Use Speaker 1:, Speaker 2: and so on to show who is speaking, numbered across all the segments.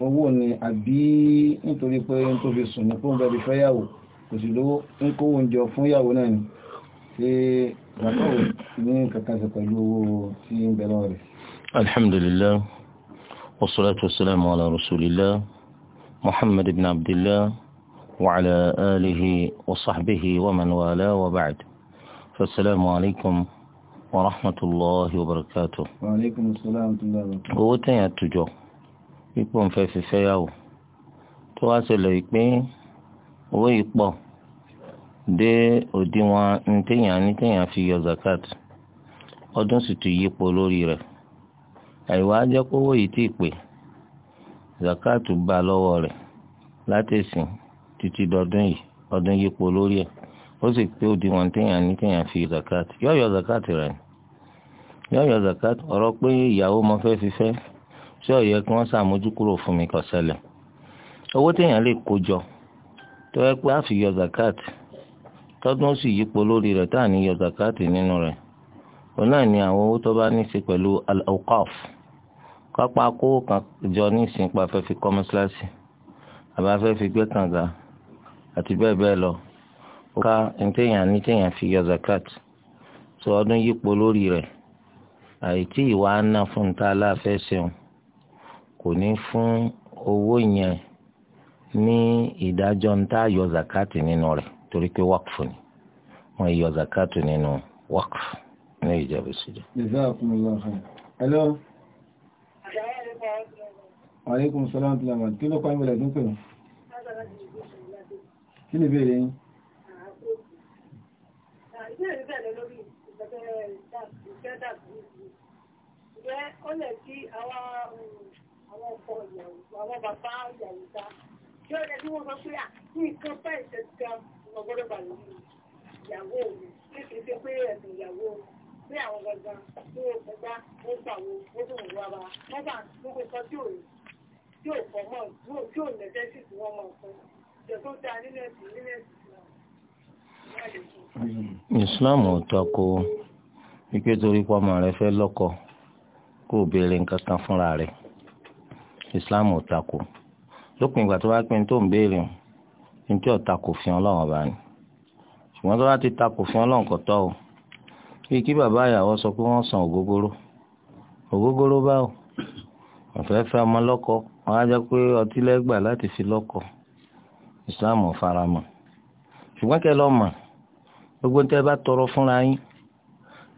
Speaker 1: owó ni àbí nítorí pé ń tó fi sùn ní fún bẹ́ẹ̀ bí fẹ́ yàwó kò sì lówó ń kó oúnjẹ fún yàwó náà ni ṣe ràkọ́wò ní kankan pẹ̀lú owó tí ń bẹ rẹ̀.
Speaker 2: alhamdulillah wassalatu wassalamu ala rasulillah muhammad ibn abdillah wa ala alihi wa sahbihi wa man wala wa ba'd fassalamu alaikum wa rahmatullahi wa barakatuh.
Speaker 1: wa alaikum assalam wa
Speaker 2: owó tẹ̀yà tùjọ́ ipò nfẹ́ fífẹ́ yàwó tó wá ṣẹlẹ̀ pé owó yìí pọ̀ dé òdiwọ̀n ntẹ̀yàn nítẹ̀yàn fi yọ zakat ọdún sì tún yípo lórí rẹ̀ àìwá jẹ́ pé owó yìí ti pè zakat bá lọ́wọ́ rẹ̀ látẹ̀sìn títí dọdún yìí ọdún yípo lórí ẹ̀ ó sì pé òdiwọ̀n ntẹ̀yàn nítẹ̀yàn fi zakat yọ yọ zakat rẹ̀ yọ yọ zakat ọ̀rọ̀ pé ìyàwó mo fẹ́ fífẹ́ tí ó yẹ kí wọ́n ṣàmójúkúrò fún mi kó ṣẹlẹ̀ owó téèyàn lè kó jọ tó yẹ pé a yọ zakat tọdún ó sì yípo lórí rẹ̀ tá à ní yọ zakat nínú rẹ̀ òun náà ni àwọn owó tó bá ní í ṣe pẹ̀lú al-awqaf kápá kówó kan jọ ní ìsìnkú afẹ́fẹ́ kọ́mọ́síláṣí àbáfẹ́ fi gbé kànga àti bẹ́ẹ̀ bẹ́ẹ̀ lọ ó ká ntẹ̀yàn ní tẹ̀yàn fi yọ zakat tó ọdún yípo lórí rẹ̀ àìtí ìwà á ná fún ta aláàfẹ́ ṣeun kò ní fún owó yẹn ní ìdájọ́ ń tá yọ zakati nínú rẹ̀ torí pé wákùfù ni wọ́n yọ zakati nínú wákùfù ní ìjọba ìṣèjọ.
Speaker 1: hello. aleykum salaam tí lamar kí ló kọ́ ìmọ̀lẹ̀ tó ń pè wọ́n. kí ni ìbéèrè yín.
Speaker 3: ìbéèrè bẹ̀rẹ̀ lórí ìgbẹ́dàgbé ìgbẹ́ ó lè kí àwọn àwọn ọkọ ìyàwó àwọn bàbá ìyàwó ta kí ó lẹ́nu wọn sọ pé à nǹkan bá ìṣẹ̀dá wọn gbọ́dọ̀ bà lórí ìyàwó mi pé kì pé ẹ̀sìn ìyàwó pé àwọn gangan tí ó gbẹgbá ó gbàwó ó dùn wá wa wọ́n bá gbogbo nǹkan tí ò tí ò fọ́ mọ́ tí ò lẹ́sẹ̀ sì tí wọ́n mọ̀ fún ìjọ tó dáa nínú ẹ̀sìn nínú ẹ̀sìn
Speaker 2: islam ò tako wípé torí pọ́ rẹ fẹ́ lọ́kọ kó o béèrè nǹkan kan fúnra rẹ̀ islam ò takò lópin ìgbà tó bá pín tó ń béèrè ní tí ò takò fi ọlọ́run ọba ni ṣùgbọ́n tó bá ti takò fi ọlọ́run kò tọ́ o bí kí bàbá ìyàwó sọ pé wọ́n san ògógóró ògógóró báwo ọ̀fẹ́ fẹ́ ọmọ lọ́kọ wọ́n á jẹ́ pé ọtí lẹ́gbà láti fi lọ́kọ islam ò fara mọ́ ṣùgbọ́n kẹ́ lọ́ọ́ mọ̀ gbogbo tẹ́ bá tọrọ fúnra yín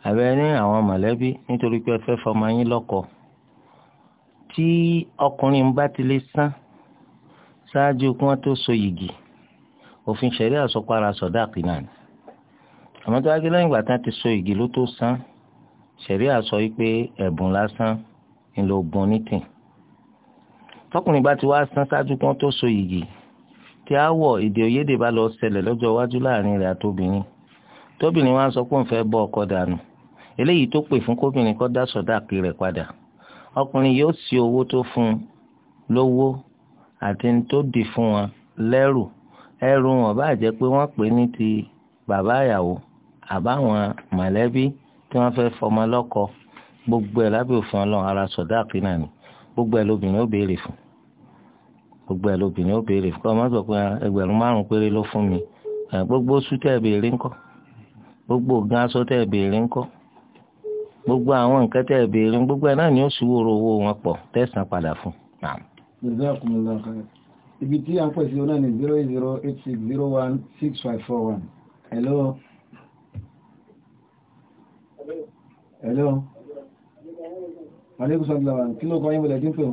Speaker 2: àbẹ́ ní àwọn mọ̀lẹ́bí nítorí pé ẹ fọmọ yín lọ́kọ tí ọkùnrin bá ti lè san ṣáájú kí wọ́n tó so yìgì òfin ṣẹ̀rí àsọpara sọ̀dáàkì náà ni àmọ́ tó wájú lẹ́yìn ìgbà tán ti so yìgì ló tó san ṣẹ̀rí àsọ wípé ẹ̀bùn lásán ń lo gun nítìn tọkùnrin bá ti wá san ṣáájú kí wọ́n tó so yìgì tí aáwọ̀ èdè òyédè bá lọ ṣẹlẹ̀ lọ́jọ́ iwájú láàrin rẹ̀ àtobìnrin tóbìnrin wá sọ pé òun fẹ́ bọ́ ọkọ dànù eléyìí tó pè fún kóbìnrin kó dá sọ̀dáàkì rẹ̀ padà ọkùnrin yóò sí owó tó fún un lówó àti ní tó dì fún wọn lẹ́rù ẹrù wọn bá jẹ́ pé wọ́n pè ní ti bàbá ìyàwó àbáwọn mọ̀lẹ́bí tí wọ́n fẹ́ fọmọ lọ́kọ gbogbo ẹ̀ lábẹ́ òfin ọlọ́run ara sọ̀dá àpínà ni gbogbo ẹ̀ lóbìnrin ó béèrè fún gbogbo ẹ̀ lóbìnrin ó béèrè fún ọmọ sọ pé ah, ẹgbẹ̀rún márùn-ún péré ló fún mi eh, gbogbo oṣù tẹ̀ béèrè gbogbo ògùn aṣọ tẹ̀ béèrè ńkọ́ gbogbo àwọn nǹkan tẹ́ ẹ béèrè gbogbo ẹ̀ náà ni ó ṣùwòrò owó wọn pọ̀ tẹ̀sán padà fún.
Speaker 1: ibi tí a ń pèsè ọ̀nà ni zero eight zero eight six zero one six five four one. hello. hello. aleykum salaam kí ló kọ́ yín wọlé dín pé o.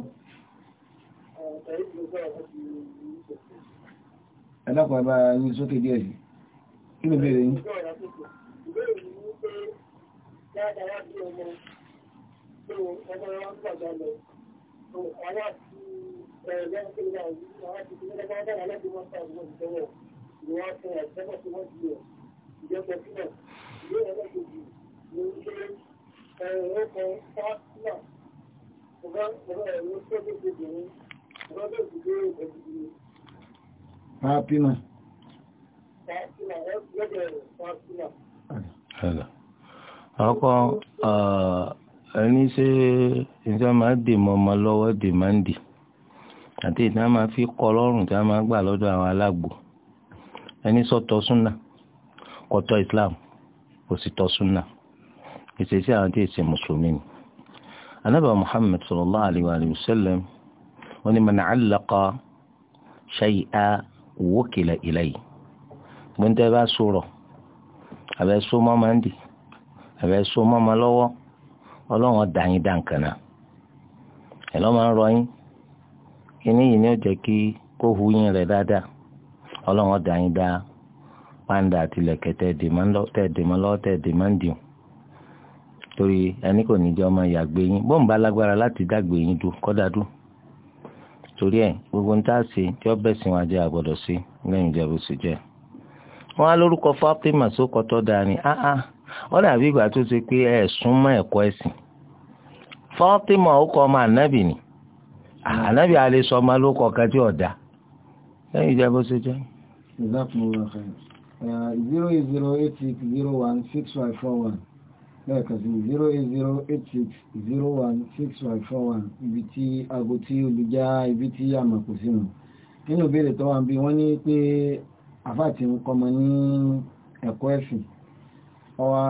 Speaker 1: ẹ dákun ẹ bá yín sókè díẹ̀ sí kí ló béèrè yín láti wá ọmọ
Speaker 4: tó ọmọ wọn gbàgbà lọ tó àwọn àti ẹ̀rọ tó ń bá àwọn àti ìpínlẹ̀ bá dára láti wọ́n fà wọ́n ìjọwọ́ ni wọ́n fẹ́ àtẹ́kọ̀ tí wọ́n di ọ̀ ìjọba sílẹ̀ ìwé ẹ̀rọ tó di ní ṣe ẹ̀rọ kan fásitì ọ̀gá ọ̀gá ẹ̀rọ tó tó tó dì ní ọ̀gá tó ti dé ẹ̀dùn ní. Fápínà. Fápínà,
Speaker 2: ẹ àkọ́kọ́ ẹni ṣe ìjọ máa dè mọ́ ọmọ lọ́wọ́ dè máa ń dè àti ìta máa fi kọ́ lọ́rùn tí a máa gbà lọ́dọ̀ àwọn alágbò ẹni sọ́tọ̀ súnà kọ́tọ̀ Islam kò sì tọ́ súnà ìṣesí àwọn tí èsì mùsùlùmí ni. anábà Muhammad sallallahu alayhi wa sallam wọn ni man allaqa shay'an wukila ilayhi gbọ́ntẹ́ bá sọ̀rọ̀ àbẹ́ sọ́mọ́ máa ń dì. àbẹ̀ so mọ́mọ lọ́wọ́ ọlọ́run dá yín ń rọ yín kíní yìí ni ó jẹ́ kí kó hu yín rẹ̀ dáadáa yín dá pàǹdà ń dìun torí ẹni kò ní ọmọ ìyàgbé yín bóun bá láti dàgbé yín du torí gbogbo ń a tí ó àgbọ̀dọ̀ sí lẹ́yìn ìjẹ́bù sí jẹ́ á lórúkọ sókòtò dání áá. ó dàbí ìgbà tó ṣe pé ẹ súnmọ́ ẹ̀kọ́ ẹ̀sìn Fátímà ó kọ ọmọ ànábì ni ànábì alẹ́ sọ ọmọ ló kọ kẹtí ọ̀dà lẹ́yìn ìjà bó ṣe jẹ́.
Speaker 1: Uh, zero eight zero eight six zero one six five four one lẹ́ẹ̀kan sí zero eight zero eight six zero one six five four one ibi tí aago tí olùjá ibi tí àmọ̀kù sínú nínú ìbéèrè tó wà ń bí wọ́n ní pé àfáà ń kọ́mọ ní ẹ̀kọ́ ẹ̀sìn ọwá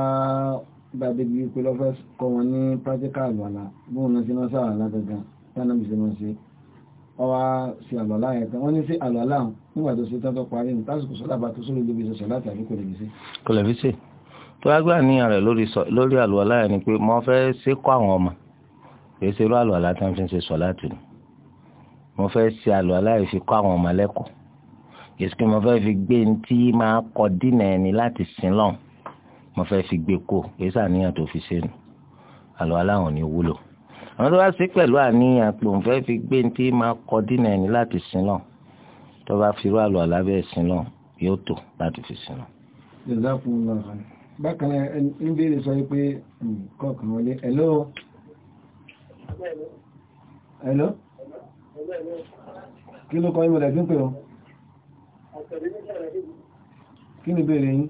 Speaker 1: gbàdégbé pé lọ́fẹ́ kọ wọn ní pàtíkà àgbàlá bóun náà sí máa sáà látọ̀gán tánàbì sí máa ṣe ọwá sí àlọ́lá ẹ̀ta wọ́n ní sí àlọ́lá nígbà tó ṣe tọ́tọ́ parí ní tásìkò sọ́lá bá tó sórí lóbi sọ̀sọ̀ láti àbí kò lè fi
Speaker 2: kò lè fi ṣe tó agbá ní rẹ̀ lórí àlọ́lá ẹ̀ ni pé mo fẹ́ ṣe kọ́ àwọn ọmọ kìí ṣe irú àlọ́lá tán fi ń ṣe sọ̀lá tì ní mo fẹ́ ṣe àlọ́lá ẹ̀ fi kọ́ àwọn ọmọ lẹ́kọ̀ọ́ kìí ṣe pé mo fẹ́ fi gbé ní tí máa kọ dínà ẹni láti sin lọ́hùn mo fẹ́ fi gbé kó èyí sàníyàn tó fi sẹ́nu àlọ́ aláwọn ni wúlò àwọn tó bá sí pẹ̀lú àníyàn pé òun fẹ́ fi gbé ní tí máa kọ dínà ẹni láti sin lọ tó bá fi rú àlọ́ alábẹ́ sin lọ yóò tó láti fi sin lọ.
Speaker 1: bákan náà ń béèrè sọ pé kọ̀ọ̀kan hmm, wọlé hello hello kí ló kọ́ ìmọ̀lẹ́bí ń pè ọ́ kí ni ìbéèrè yín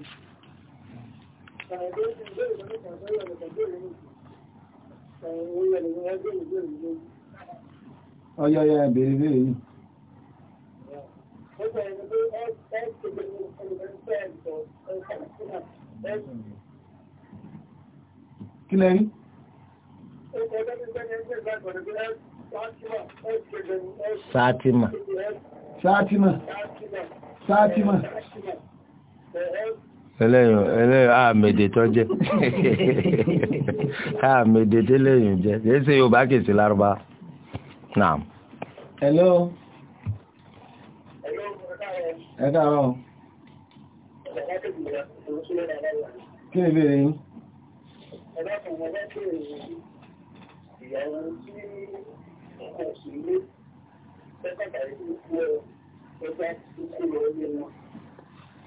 Speaker 1: ọyọ́ ya bèèrè yìí kí lẹ́ rí
Speaker 4: sáàtìmà sáàtìmà sáàtìmà
Speaker 2: ẹlẹ́yìn ẹlẹ́yìn àmèdè tó jẹ́ àmèdè tó lẹ́yìn jẹ́ èsì yorùbá kì í sí lárúbá náà.
Speaker 1: hello. ẹ káàárọ̀. kí ni ìbéèrè yín.
Speaker 4: ìyàwó tí kò sí ilé pẹ́pẹ́ tàbí kí ó kú ẹ̀rọ ẹgbẹ́ tó kú lọ wọn.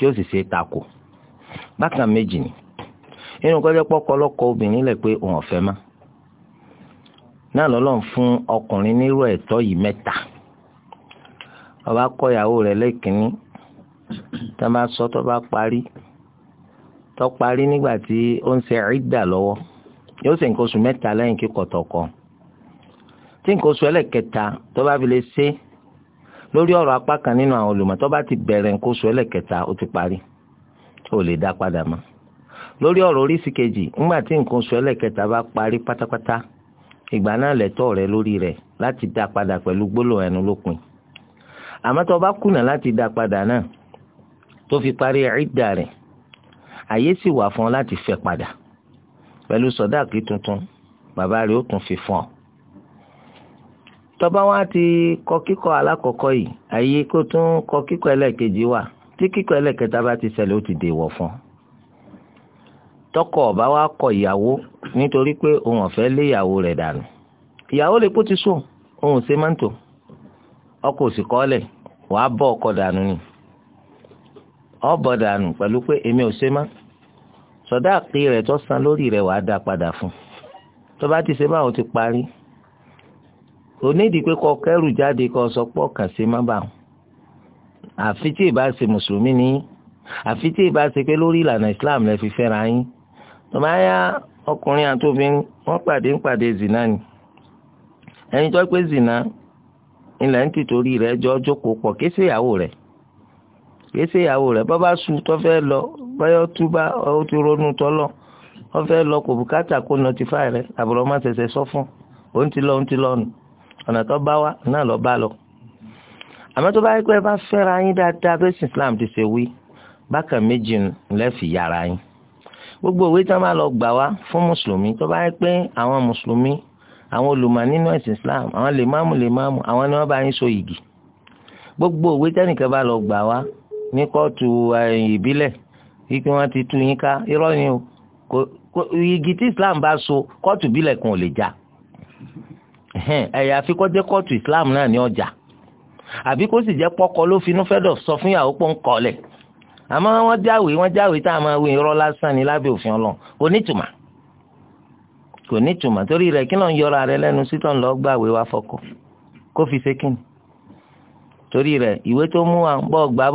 Speaker 2: tí ó sì ṣe takò bákan méjì ni inú kọjá pọkọ ọlọkọ obìnrin lẹ pé òun ọfẹ má náà lọ́lọ́run fún ọkùnrin nírú ẹ̀tọ́ yìí mẹ́ta ọba kọyàwó rẹ̀ lẹ́kìnní tó bá sọ tó bá parí tó parí nígbà tí ó ń ṣe ìdà lọ́wọ́ yóò ṣe nǹkan oṣù mẹ́ta lẹ́yìn kíkọ tọkọ tí nǹkan oṣù ẹlẹ́kẹta tó bá fi lè ṣe lórí ọ̀rọ̀ apá kan nínú àwọn olùmọ̀ tó bá ti bẹ̀rẹ̀ nǹkan oṣù ẹlẹ́kẹta ó ti parí ó lè dá padà mọ́ lórí ọ̀rọ̀ oríṣi kejì ńgbà tí nǹkan oṣù ẹlẹ́kẹta bá parí pátápátá ìgbà náà lẹ́tọ́ rẹ lórí rẹ̀ láti dá padà pẹ̀lú gbólóhùn ẹnu lópin àmọ́ tó bá kùnà láti dá padà náà tó fi parí ìdá rẹ̀ àyè sì wà fún ọ láti fẹ́ padà pẹ̀lú sọ̀dáàkì tuntun bàbá rẹ̀ ó tún fi fún ọ tọba wa ti kọ kíkọ alákọ̀ọ́kọ́ yìí àyè kó tún kọ kíkọ ẹlẹ́ẹ̀kejì wà tí kíkọ ẹlẹ́ẹ̀kẹta bá ti ṣẹlẹ̀ ó ti dèwọ̀ fún un tọkọ ọba wa kọ ìyàwó nítorí pé òun ọ̀fẹ́ lé ìyàwó rẹ̀ dànù ìyàwó lè kó ti sùn òun ṣe máa ń tò ọkọ òsì kọ́lẹ̀ wàá bọ́ ọkọ dànù ni ọbọ̀ dànù pẹ̀lú pé èmi ò ṣe má sọ̀dá àpè rẹ̀ tó san lórí rẹ̀ wàá dá padà fún tó ti ṣe báwọn ti parí onídìí pé kọ kẹrù jáde kọ sọ pọ kàn sí má bà wọn àfi tí ìbá ṣe mùsùlùmí ni àfi tí ìbá ṣe pé lórí ìlànà islam lẹ fi fẹ́ra yín tọ́ba yá ọkùnrin àtòbìnrin wọ́n pàdé ń pàdé zina ni ẹni tó pé zina ilẹ̀ ń tìtorí rẹ̀ jọ jókòó pọ̀ kí ṣe ìyàwó rẹ̀ kí ṣe ìyàwó rẹ̀ bọ́ bá sùn tó fẹ́ lọ báyọ̀ tú bá ronú notify rẹ̀ àbúrò sọ fún òun ti ọ̀nà tó bá wa náà lọ bá lọ. àmọ́ tó bá yẹ pé ẹ bá fẹ́ra yín dáadáa bẹ́ẹ̀ sì Islam ti ṣe wí bákan méjì lẹ́fì yàrá yín. gbogbo òwe tí wọ́n bá lọ gbà wá fún mùsùlùmí tó bá yẹ pé àwọn mùsùlùmí àwọn olùmọ̀ nínú ẹ̀sìn Islam àwọn lèmáàmù lèmáàmù àwọn ni wọ́n bá yín so yìgì. gbogbo òwe tẹ́nìkan bá lọ gbà wá ní kóòtù eh, ìbílẹ̀ wípé wọ́n ti tú yín ká irọ́ ni o yìgì tí Islam bá so kóòtù ìbílẹ̀ kan ò lè já ẹ̀yà àfikọ́jẹ́ kóòtù islam náà ní ọjà àbí kó sì jẹ́ pọ́kọ ló finú fẹ́dọ̀ sọ fún ìyàwó pọ́n kọ́lẹ̀ àmọ́ wọ́n jáwèé wọ́n jáwèé tá a máa wí ní lábẹ́ òfin ọlọ́run kò ní tùmà kò ní tùmà torí rẹ̀ kí náà yọra rẹ lẹ́nu sítọ̀ ńlọ gbàwé fọkọ kó fi ṣe kíni torí rẹ̀ ìwé tó mú wa bọ́ gbà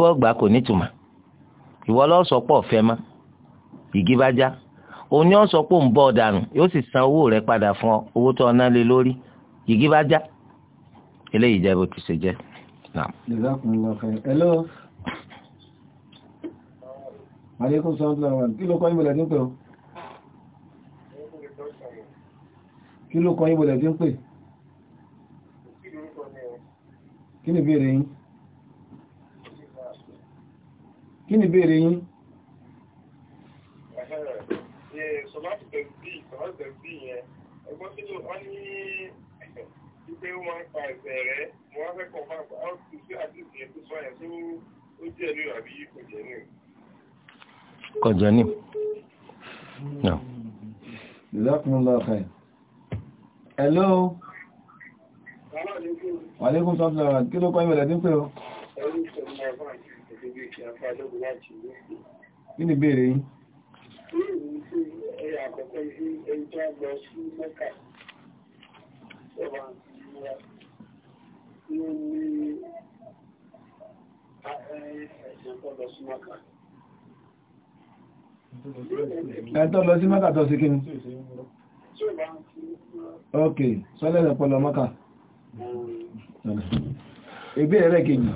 Speaker 2: bọ́ yìgì bá já eléyìí jẹ́ bó ti ṣe jẹ́. hello.
Speaker 1: aleykum salaam alaykum kí ló kọ́ yín bọ̀lẹ̀ tí ń pè ọ́. kí ló kọ́ yín bọ̀lẹ̀ tí ń pè. kí ni ìbéèrè yín. kí ni ìbéèrè yín. ṣọlá ti tẹ̀
Speaker 4: bí ṣọlá ti tẹ̀ bí yẹn ẹgbọ́n tí wọ́n ní pé ó máa ń pa ẹ̀sẹ̀ rẹ̀ mo wá fẹ́ kọ́ fún àgbà ó ti sí àdéhùn yẹn tó sọ yẹn tó ó jẹ́ ní àbí kò jẹ́ ní.
Speaker 2: kò jẹ́ ní.
Speaker 1: jazakumullahu khairan. hello. wàlẹ́kùn sọ́tún lára kí ló pa ìbẹ̀rẹ̀ dín pé o. kí ni ìbéèrè yín
Speaker 4: ní ní
Speaker 1: ẹ̀tọ́ lọ sí mọ́kà tó sí kí ní ok sọ́lẹ̀ ẹ̀pọ̀lọ mọ́kà ìbí ẹ̀rẹ́ kejì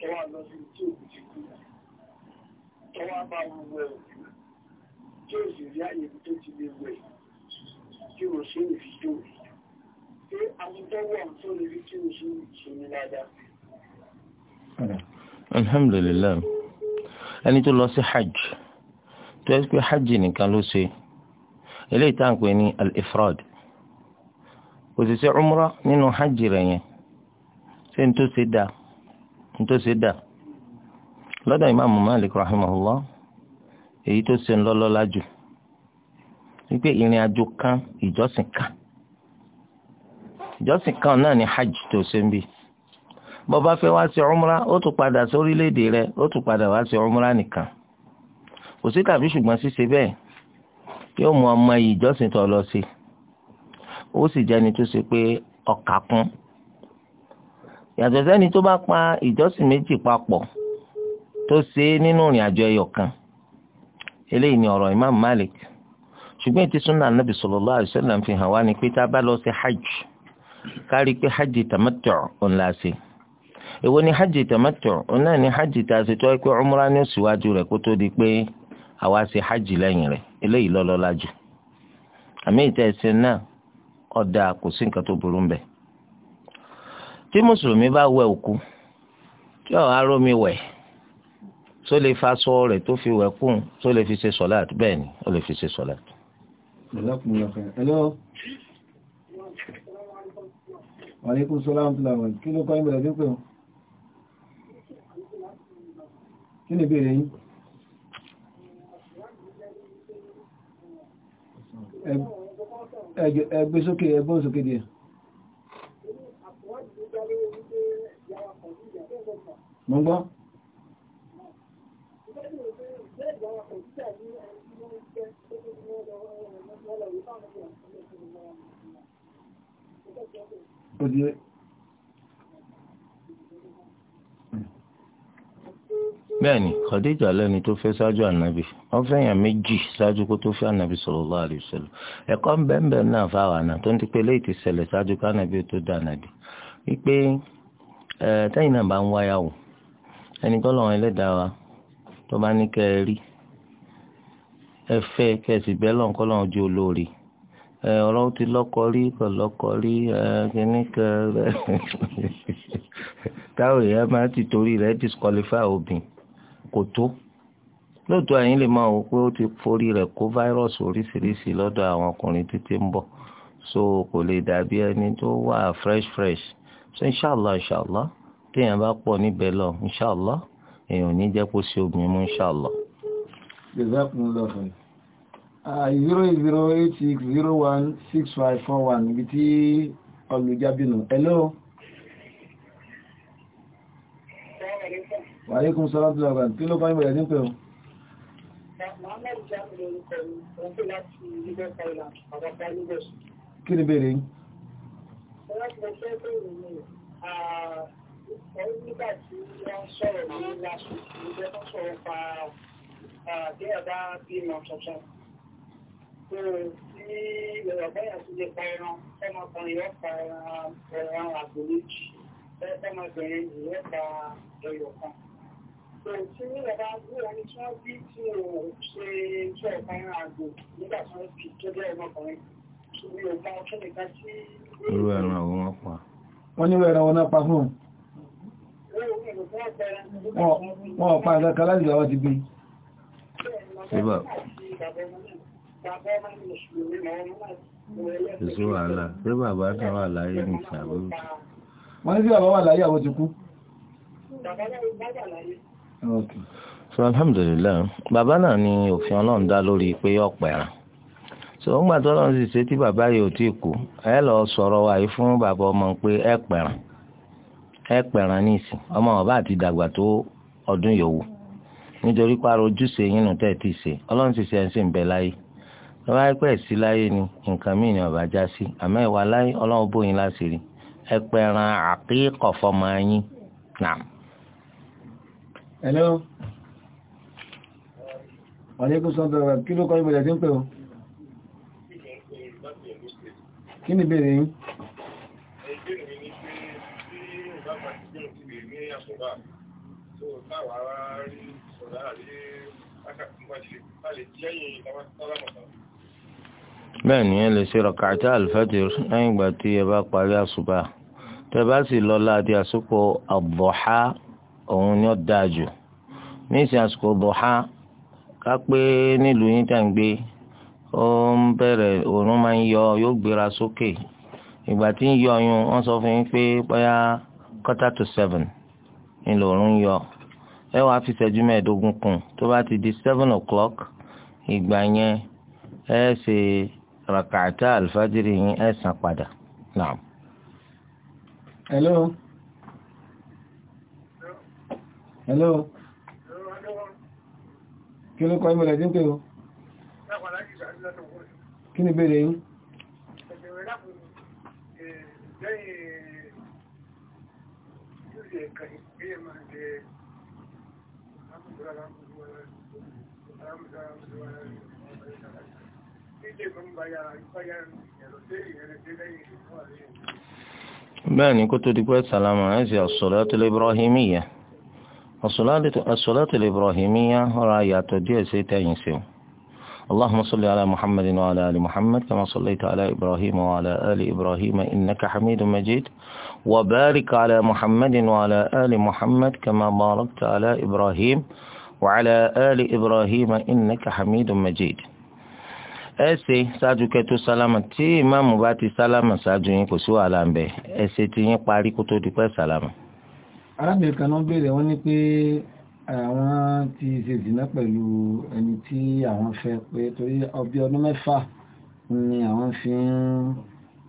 Speaker 4: Kẹwàá lọ sí tí òkú ti kú. Kẹwàá bá wúwẹ́ òkú. Tí òṣèré àyèkú tó ti lè wẹ̀ tí o ṣe ń fi jó ṣé àwùjọwọ́ tó lè rí tí o ṣe ń ṣe ní dáadáa.
Speaker 2: alhamdulilayi ẹni tó lọ sí hajj tó yẹ pé hajj nìkan ló ṣe eléyìí tá à ń pè ní al-ifrad kò umra nínú hajj rẹ yẹn ṣé n tó ṣe dáa n tó ṣe dáa lọ́dọ̀ imaamu malik rahimahullah èyí tó ṣe ń lọ́lọ́lá jù. wípé ìrìn àjò kan ìjọsìn kan ìjọsìn kan náà ni hajj tó ṣe ń bì bó bá fẹ́ wá sí umra ó tún padà sórílẹ̀-èdè ó tún padà wá sí umra nìkan kò sí tàbí ṣùgbọ́n ṣíṣe bẹ́ẹ̀ yóò mú ọmọ yìí ìjọsìn tó lọ sí ó sì jẹ́ni tó ṣe pé ọkà kún yàtọ̀ sẹ́ni tó bá pa ìjọsìn méjì papọ̀ tó ṣe n'inu nínú ìrìn àjò kan eléyìí ni ọ̀rọ̀ Imam Malik ṣùgbọ́n ètí súnà nàbì sallallahu alaihi wasallam fi hàn wá ní pé tá a bá lọ sí hajj kárí pé hajj tamattu ńlá sí èwo ni hajj tamattu ọ̀nà ni hajj tá a ṣe tó pé umra ní síwájú rẹ̀ kó tó di pé àwa ṣe hajj lẹ́yìn rẹ̀ eléyìí lọ́lọ́lá jù àmì ìtẹ̀sẹ̀ náà ọ̀dà kò sí nǹkan tó burú bẹ̀ tí mùsùlùmí bá wẹ òkú tí ọ̀hún arómi wẹ̀ tó lè fa sọ rẹ̀ tó fi wẹ̀ kún tó lè fi ṣe sọ̀láàt Hello.
Speaker 1: Wàlékún sọ́lá ń tọ́lá wọn. Kí ló kọ́ ìbẹ̀rẹ̀ tí ó pè ọ́? Kí ni ìbéèrè yín? Ẹgbẹ́ sókè ẹgbọ́n sókè díẹ̀. Mọ́ gbọ́? tó díẹ̀
Speaker 2: bẹ́ẹ̀ni Khadija lẹ́ni tó fẹ́ ṣáájú ànábì wọ́n fẹ́yàn méjì ṣáájú kó tó fẹ́ ànábì sallallahu alaihi wasallam ẹ̀kọ́ ń bẹ́ẹ̀ bẹ́ẹ̀ náà fáwọn àná tó ń ti pé léyìí ti ṣẹlẹ̀ ṣáájú kánábì tó dá ànábì wípé tẹ́yìn náà bá ń wáyàwó ẹni tó lọ́wọ́ ẹlẹ́dàá wa tó bá ní kẹ́ ẹ rí ẹ fẹ́ kẹ́ ẹ sì bẹ́ẹ̀ lọ́nkọ́ lọ́wọ́ ju olóore ọlọ́run ti lọ́kọ rí kò lọ́kọ rí kíní kan rẹ̀ táwọn èèyàn máa ti torí rẹ̀ disqualify obìn kò tó lóòótọ́ ẹ̀yin lè máa wò pé ó ti forí rẹ̀ kó fáírọ́ọ̀sì oríṣiríṣi lọ́dọ̀ àwọn ọkùnrin títí ń bọ̀ so kò lè dàbí ẹni tó wà fresh fresh so inshàlá inshàlá téèyàn bá pọ̀ níbẹ̀ lọ inshàlá èèyàn ò ní jẹ́ kó ṣe obìnrin mú inshàlá.
Speaker 1: jesus kun lọ fún mi zero zero eight six zero one six five four one ibi tí olùjábìnú hello. wà á yékún sọ́lá tó lọ́gbà tí ló bá ń bẹ̀rẹ̀ ní pẹ̀lú. kí ni bèèrè yìí.
Speaker 4: Ah, nígbà tí wọ́n sọ̀rọ̀ ní lásìkò ìjọba sọ̀rọ̀ pa ah, bí ọ̀dá bímọ tuntun tí ọ̀gbẹ́yà sí lè pa ẹran ọmọkùnrin yóò pa ẹran àgbò méjì ọmọbìnrin yóò pa ẹyọ kan. Tí ọba gbé ẹni tí wọ́n bí tí ò ṣe tí ọ̀pá ẹran àgbò nígbà tí wọ́n fi tó jẹ́ ọmọkùnrin ṣùgbọ́n yóò pa ọkẹ́ nìkan tí.
Speaker 1: Irú ẹran àwọn wọn Wọ́n nílò ẹran wọn pa fún un. Wọ́n ọ̀pá ẹ̀ka láti ìyàwó ti gbin.
Speaker 4: Ṣé èso
Speaker 1: wàhálà pé bàbá náà wà láyé ní ìṣàbò òkè
Speaker 2: wọ́n ní sí bàbá wà láyé àwọn ti kú so alhamdulillah bàbá náà ni òfin ọlọ́run dá lórí pé so ó gbà sì ṣe tí bàbá yìí ò tí kú ẹ lọ sọ̀rọ̀ fún bàbá ọmọ pé ẹ pẹ̀ràn ẹ ní ìsìn ọmọ ọba àti ìdàgbà tó ọdún yòówù nítorí nù ṣe ọlọ́run sì lọ́wọ́ àìpẹ́ sí láyé ni nǹkan mìíràn ọ̀bà já sí àmọ́ ìwà láyé ọlọ́run bóyin láti rí ẹ pẹ́ ran àkíkọ̀ fọmọ yín náà.
Speaker 1: hello aleykum sọ́dọ̀ kí ló kọ́ ìbẹ̀rẹ̀ tí ń pè ọ́ kí ni ìbéèrè yín.
Speaker 4: Táwa wá rí sọ̀rọ̀ àrí wákàtí wáṣe, a lè jẹ́yìn ìdáwọ́sọ́lá mọ̀tàn
Speaker 2: bẹ́ẹ̀ ni ẹ lè ṣe rọ̀kàtà alfajr lẹ́yìn ìgbà tí ẹ bá parí àṣùbà tẹ bá sì lọ láti àsìkò àbọ̀há òun ni ó dáa jù ní ìsìn àsìkò àbọ̀há ká pé nílùú yín tá ń gbé ó ń bẹ̀rẹ̀ òórùn máa ń yọ yóò gbéra sókè ìgbà tí ń yọ ọyún wọ́n sọ fún yín pé bóyá quarter to seven ni lòórùn yọ ẹ wàá fi ṣẹ́jú mẹ́ẹ̀ẹ́dógún kún tó bá ti di seven o'clock ìgbà yẹn ẹ ṣe rakata alfajiri yín ẹ san padà naam.
Speaker 1: hello. hello. kí ló kọ́ ẹ́ mọ̀lẹ́dín pé o. kí ni ìbéèrè yín.
Speaker 4: Thank you.
Speaker 2: بأني كنت تقول tó di الصلاة الإبراهيمية الصلاة, الصلاة ṣe as-salatu al-ibrahimiyya as-salatu اللهم صل على محمد وعلى آل محمد كما صليت على إبراهيم وعلى آل إبراهيم إنك حميد مجيد وبارك على محمد وعلى آل محمد كما باركت على إبراهيم وعلى آل إبراهيم إنك حميد مجيد ẹ ṣe ṣáájú kẹtó sálámà tí ìmáàmù bá ti sálámà ṣáájú yín kò sí wàhálà ń bẹ ẹ ṣe ti yín parí kó tó di pẹ́ sálámà.
Speaker 1: arábìnrin kan náà béèrè wọn ní pé àwọn ti ṣe dìná pẹ̀lú ẹni tí àwọn fẹ́ pé torí ọbẹ̀ ọdún mẹ́fà ni àwọn fi ń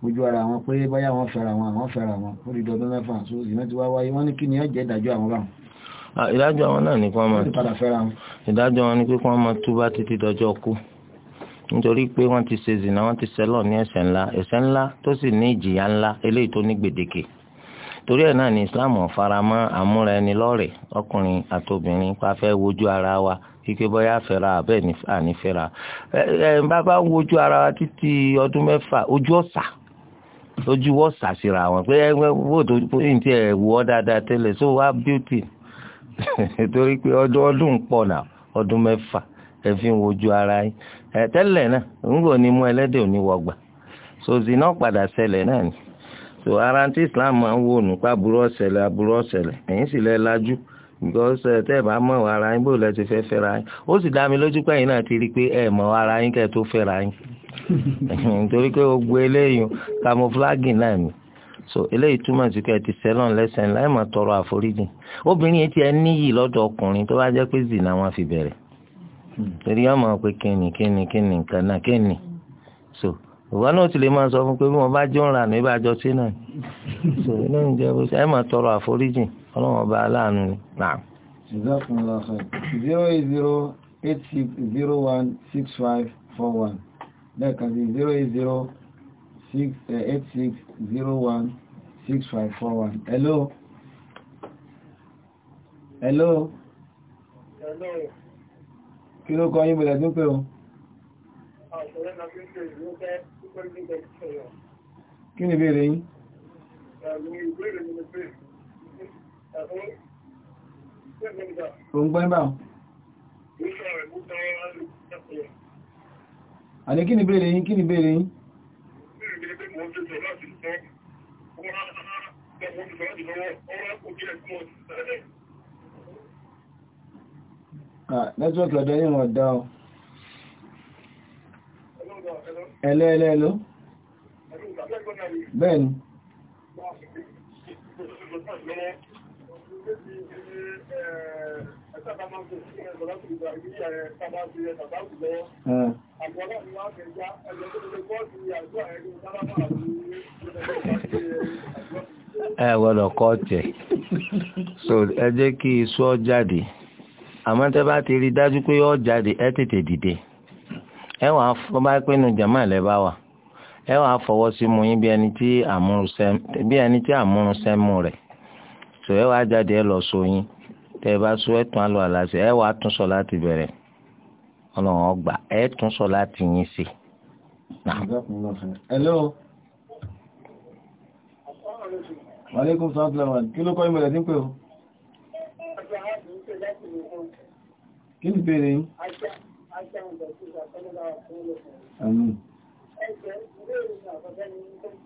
Speaker 1: ojú ara wọn pé báyà wọn fẹ́ra wọn àwọn fẹ́ra wọn ó di ọdún mẹ́fà tó ìdìná ti wá wáyé wọn ní kí ni ọ̀jẹ̀
Speaker 2: ìdájọ́ àwọn báwọn ìdájọ́ àwọn náà ní kí wọ́n máa ìdájọ́ wọn títí dọjọ́ kú nítorí pé wọ́n ti ṣe zina wọ́n ti sẹ́lọ̀ ní ẹ̀ṣẹ̀ ńlá ẹ̀ṣẹ̀ ńlá tó sì ní ìjìyà ńlá eléyìí tó ní gbèdéke torí ẹ̀ náà ni islam faramọ́ àmúra ẹni lọ́rẹ̀ ọkùnrin àtobìnrin pa fẹ́ wojú ara wa kíkẹ́ bọ́yá fẹ́ra bẹ́ẹ̀ ní ànífẹ́ra ẹ ẹ bàbá wojú ara wa títí ọdún mẹ́fà ojú ọ̀sà ojú ọ̀sà síra wọn pé ẹ wò tó ń tiẹ̀ wọ́ dáadáa tẹ́lẹ̀ so wá bíútì torí pé ọdún ọdún pọ̀ náà ọdún mẹ́fà ẹ fi ń wojú ara yín ẹ tẹ́lẹ̀ náà ńgò ní mú ẹlẹ́dẹ̀ òní wọgbà sòzì náà padà ṣẹlẹ̀ náà ni so ara tí Islam máa ń wò nù pa aburú ọ̀sẹ̀lẹ̀ aburú ọ̀sẹ̀lẹ̀ ẹ̀yìn sì lẹ́ lajú because ẹ tẹ́ ẹ bá mọ̀ wá ara yín bó lẹ́ ti fẹ́ fẹ́ra yín ó sì dá mi lójú pé ẹ̀yin náà ti rí i pé ẹ mọ̀ ara yín kẹ́ ẹ tó fẹ́ra yín nítorí pé o gbé eléyìí camouflage náà ni so eléyìí túmọ̀ sí pé ẹ ti sẹ́lọ̀n lẹ́sẹ̀ ńlá ẹ̀ máa tọrọ àforíjì obìnrin yìí ti ẹ níyì lọ́dọ̀ ọkùnrin tó bá jẹ́ pé zì náà fi bẹ̀rẹ̀ torí yóò máa pé kíni kíni kíni nǹkan náà so ìwọ náà ti lè máa sọ fún pé bí wọn bá jó ń sí náà so eléyìí jẹ bó ṣe ẹ máa tọrọ àforíjì ọba ala ni náà.
Speaker 1: zero eight zero eight six zero one six five hello hello. hello. kí ló kọ yín bọ̀lẹ̀ tí ń pè ọ́ kí ni ìbéèrè yín òun gbọ́n bá àní kí ni ìbéèrè yín kí ni ìbéèrè yín nẹ́tíwọ́kì ọ̀dọ́ yìí wọ̀n dá ọ ẹlẹ́ẹ̀lẹ́ló bẹ́ẹ̀ni
Speaker 2: ẹ gbọ́dọ̀ kọ́ tẹ̀ so ẹ jẹ́ kí iṣọ́ jáde àmọ́ tẹ́ bá ti rí dájú pé yọ jáde ẹ tètè dìde ẹ wàá fọ bá pé nu jàmá lẹ bá wà ẹ wàá fọwọ́ sí mu yín bí ẹni tí àmúrunṣẹ́ mú rẹ̀ sọ ẹ wàá jáde ẹ lọ so yín tẹ́ ẹ bá so ẹ tún àlọ́ àlàsẹ ẹ wàá tún sọ láti bẹ̀rẹ̀ ọlọ́run ọgbà ẹ tún sọ láti yín sí. hello.
Speaker 1: wàlẹ́kùn sọ́ọ́tì lẹ́wọ̀n kí ló kọ́ ìmọ̀lẹ́ tí ń pè Kí ni bèèrè yìí? Àmì.
Speaker 4: Ǹjẹ́ ó fẹ́ ní ìsìnkú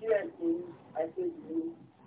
Speaker 4: àti ẹ̀sìn àti ìlú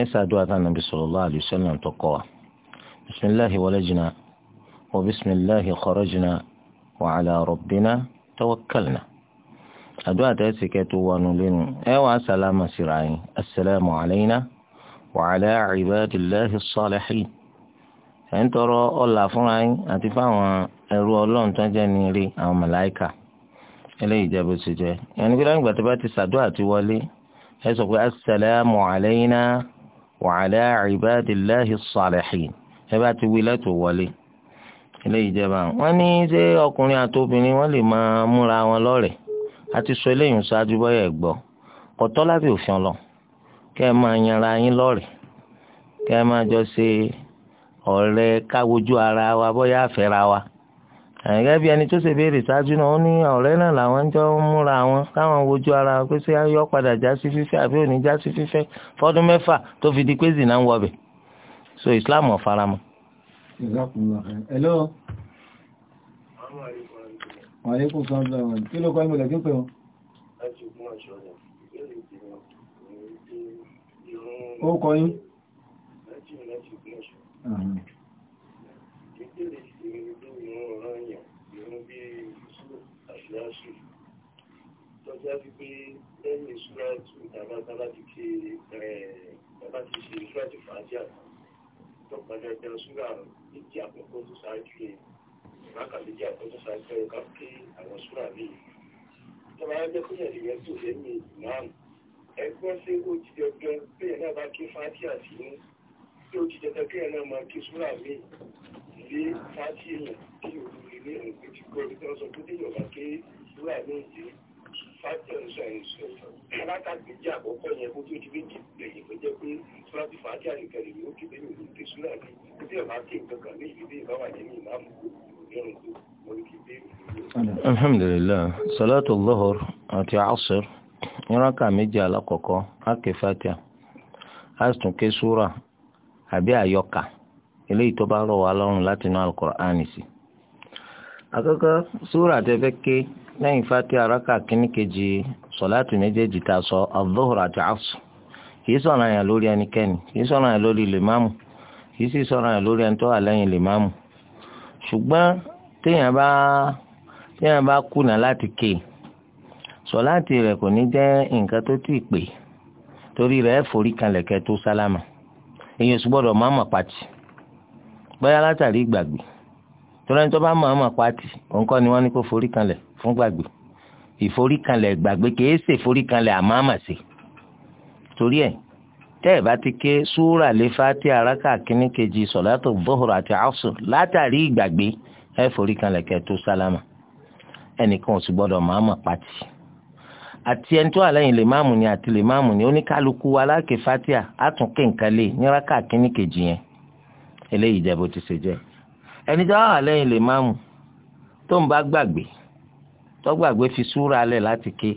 Speaker 2: ẹ ṣàdúrà tá nàbí sallallahu alaihi wasallam tó kọ́ wa bisimilahi walajna wa bisimilahi kharajna wa ala rabbina tawakkalna àdúrà tẹ́ sì kẹ́ tó wọnú lẹ́nu ẹ wà á sàlámà síra yín assalamu alayna wa ala ibadillahi salihin ẹ̀ ń tọrọ ọ̀là fúnra yín àti fáwọn ẹrú ọlọ́run ní rí àwọn màláìkà eléyìí jẹ́ bó wàhálà ibadillahi salihin ẹ bá ti wí lẹ́tọ̀ wọlé ilé ìjẹba wọn ní ṣé ọkùnrin àti obìnrin wọn lè máa múra wọn lọ́rẹ̀ẹ́ àti sọ eléyìí ṣáájú bọ́yà ẹ̀ gbọ́ kọ́tọ́ lábẹ́ òfin ọlọ kẹ́ ẹ máa yanra yín lọ́rẹ̀ẹ́ kẹ́ ẹ máa jọ ṣe ọ̀rẹ́ káwojú ara wa bọ́yà àfẹ́ra wa gẹ́gẹ́ bí ẹni tó ṣe béèrè ṣáájú náà ó ní ọ̀rẹ́ náà làwọn ń jọ ń múra wọn káwọn wojú ara pé ṣé yọ padà já sí fífẹ́ àbí òní já sí fífẹ́ fọ́dún mẹ́fà tó fi di pé zina ń wọbẹ̀ so Islam ò fara mọ́. hello.
Speaker 1: wàlẹ́kùn sọ́dọ̀ kí ló kọ́ ẹ́ mọ̀lẹ́ kí n pè ọ́. ó kọ́ yín.
Speaker 4: ìyáṣù tọ́jú á fi pé lẹ́yìn ìṣúra tù bàbá bàbá ti ké bàbá ti ṣe ìṣúra ti fàájà tó padà ẹgbẹ́ ìṣúra ìjì àkọ́kọ́ tó ṣáájú yẹn ìbáka méjì àkọ́kọ́ tó ṣáájú yẹn ká ké àwọn ìṣúra mi. tọ́ba ẹgbẹ́ tó yẹ ìyẹn tó lẹ́yìn ìmáàmù ẹgbọ́n ṣé ó ti ọjọ́ bẹ́ẹ̀ náà bá ké fàájà sí ní tí ó ti jẹ́ tẹ́kẹ́ náà máa ké ìṣúra mi lé fàájì èèyàn kí òun ní ìgbèjìgbò ìtọ́sọ̀ tó dé yọ̀bá ké wúrà ní ti five times alákàgbéjì àkọ́kọ́ yẹn kó tó di méjì lẹ́yìn pé jẹ́
Speaker 2: salatu zuhur àti asir ìrànkà méjì alákọ̀ọ́kọ́ ake fatia astunke sura àbí àyọkà eléyìí tó bá rọ̀ wá lọ́rùn látinú alukur'ani sí àkọ́kọ́ súrà tẹ́fẹ́ ké lẹ́yìn fati araka kínní kejì sọ̀láàtì méjèèjì tá a sọ adóhùrà àti asù kìí sọ̀rọ̀ yẹn lórí ẹnikẹ́ni kìí sọ̀rọ̀ yẹn lórí lèmáàmù kìí sì sọ̀rọ̀ yẹn lórí ẹni tó wà lẹ́yìn lèmáàmù ṣùgbọ́n téèyàn bá téèyàn bá kùnà láti ké sọ̀láàtì rẹ̀ kò ní jẹ́ nǹkan tó tì pé torí rẹ̀ forí kanlẹ̀kẹ́ tó sálámà èyí ò sì gbọ́dọ̀ má pàtì bóyá látàrí ìgbàgbé torí ẹni tó bá mọ̀ ọmọ pati òǹkọ́ ni wọ́n ní kó forí kanlẹ̀ fún gbàgbé ìforí kanlẹ̀ gbàgbé kìí ṣe forí kanlẹ̀ àmọ́ àmọ́ sí torí ẹ̀ tẹ́ ẹ̀ bá ti ké súrà lé fati araka kínní kejì sọ̀látò bọ́hùrù àti àṣù látàrí ìgbàgbé ẹ̀ forí kanlẹ̀ kẹ́ tó sálámà ẹnìkan ò sì gbọ́dọ̀ mọ̀ ọmọ pati àti ẹni tó wà lẹ́yìn lè máàmù ni àti lè máàmù ni oníkálukú aláàkè fatia àtúnkè nǹkan lè níraka kínní kejì yẹn eléyìí jẹ́ bó ti ṣe jẹ́ ẹni tó wà lẹ́yìn lè máa mú tó ń bá gbàgbé tó gbàgbé fi súra lẹ̀ láti ké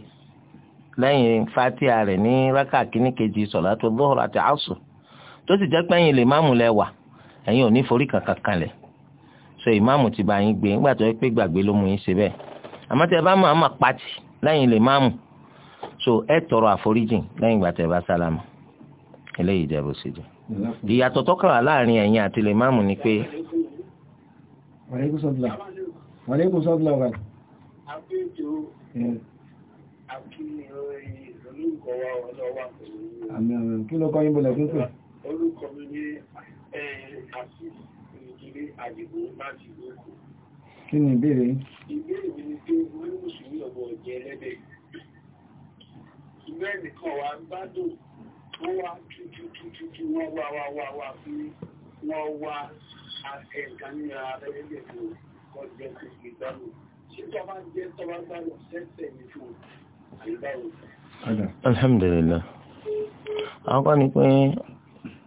Speaker 2: lẹ́yìn fatia rẹ̀ ní rákà kínní kejì sọ̀látù dhuhr àti asù tó sì jẹ́ pẹ́yìn lè máa mú lẹ wà ẹ̀yin ò ní forí kankan kanlẹ̀ so ìmáàmù ti bá yín gbé nígbà tó yẹ pé gbàgbé ló mú yín ṣe bẹ́ẹ̀ àmọ́ tẹ́ bá máa máa pati lẹ́yìn lè máàmù so ẹ tọrọ àforíjìn lẹ́yìn ìgbà tẹ́ bá sálámù eléyìí jẹ́ bó ṣe jẹ́ ìyàtọ̀ tó kàn láàrin ẹ̀yin àti lè máàmù ni pé
Speaker 1: Wàlékún sọ́dúlà. Wàlékún sọ́dúlà wà. Kí ló kọ́ yín bọ̀lẹ̀ kí ń pè?
Speaker 4: Orúkọ mi ní Àṣìṣì ìjìlé àdìbò láti lókù.
Speaker 1: Kí ni ìbéèrè yín?
Speaker 4: Ìbéèrè mi ni pé wọ́n ní Mùsùlùmí ọ̀bọ̀ ọ̀jẹ́ ẹlẹ́dẹ̀. Ìgbẹ́ nìkan wà ń bá dùn, wọ́n wá tútútútú, wọ́n wá wá àti ẹ̀ka ní abẹ́rẹ́lẹ̀
Speaker 2: alhamdulillah àwọn kan ní pé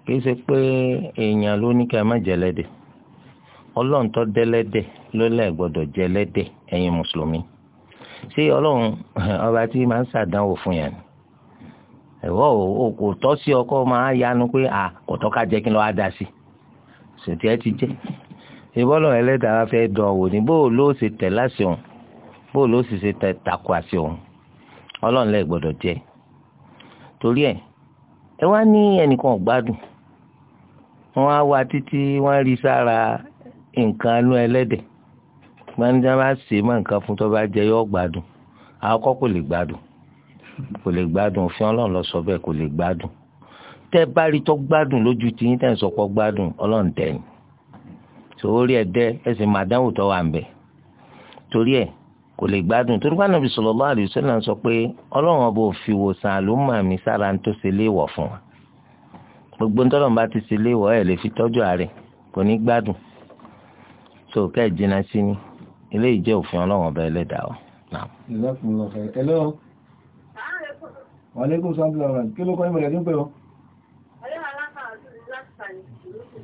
Speaker 2: kì í ṣe pé èèyàn ló ní kí a má jẹlẹ́dẹ̀ ọlọ́run tó dẹ́lẹ́dẹ̀ ló lẹ́gbọ́dọ̀ jẹlẹ́dẹ̀ ẹ̀yin mùsùlùmí ṣé ọlọ́run ọba tí máa ń ṣàdánwò fún yẹn ni ẹ̀wọ́ ò kò tọ́ sí ọkọ máa yanu pé à kò ká jẹ́ kí n lọ́ọ́ á dá sí i ṣètì ẹ ti jẹ́ ìbọ́lọ̀ ẹlẹ́dàá wa fẹ́ dán wò ní bó ló ṣe tẹ̀ láṣẹ òun bó ló sì ṣe takò àṣẹ òun ọlọ́run lẹ́ gbọ́dọ̀ jẹ́ torí ẹ̀ ẹ wá ní ẹnìkan gbádùn wọ́n á wá títí wọ́n rí sára nǹkan anú ẹlẹ́dẹ̀ gbaníjà bá ṣe mọ́ nǹkan fún tó bá jẹ yọ gbádùn àkọ́kọ́ kò lè gbádùn kò lè gbádùn òfin ọlọ́run lọ sọ bẹ́ẹ̀ kò lè gbádùn tẹ́ bá rí tó gbádùn lójú tí yín tẹ́ ń sọpọ̀ gbádùn ọlọ́run tẹ̀ ní. sòwórí ẹ̀dẹ́ ẹ̀sìn màdánwò tó wà ń bẹ̀ torí ẹ̀ kò lè gbádùn torí pé Ànábì sallallahu alaihi wasallam sọ pé ọlọ́run ọba ò fi wòsàn àlùmọ́ mi sára ń tó ṣe léèwọ̀ fún wa gbogbo ntọ́lọ́run bá ti ṣe léèwọ̀ ẹ̀ lè fi tọ́jú àárẹ̀ kò ní gbádùn so ká ẹ̀ jìnnà sí ni eléyìí jẹ́ òfin ọlọ́run ọba ẹlẹ́dàá wa.
Speaker 1: ìlẹ́kùn lọ́fẹ̀ẹ́ ẹ lọ́wọ́ wàlẹ́kùn sáńtì lọ́wọ́ kí ló kọ́ ẹ̀ mọ̀lẹ́dín pẹ̀lú.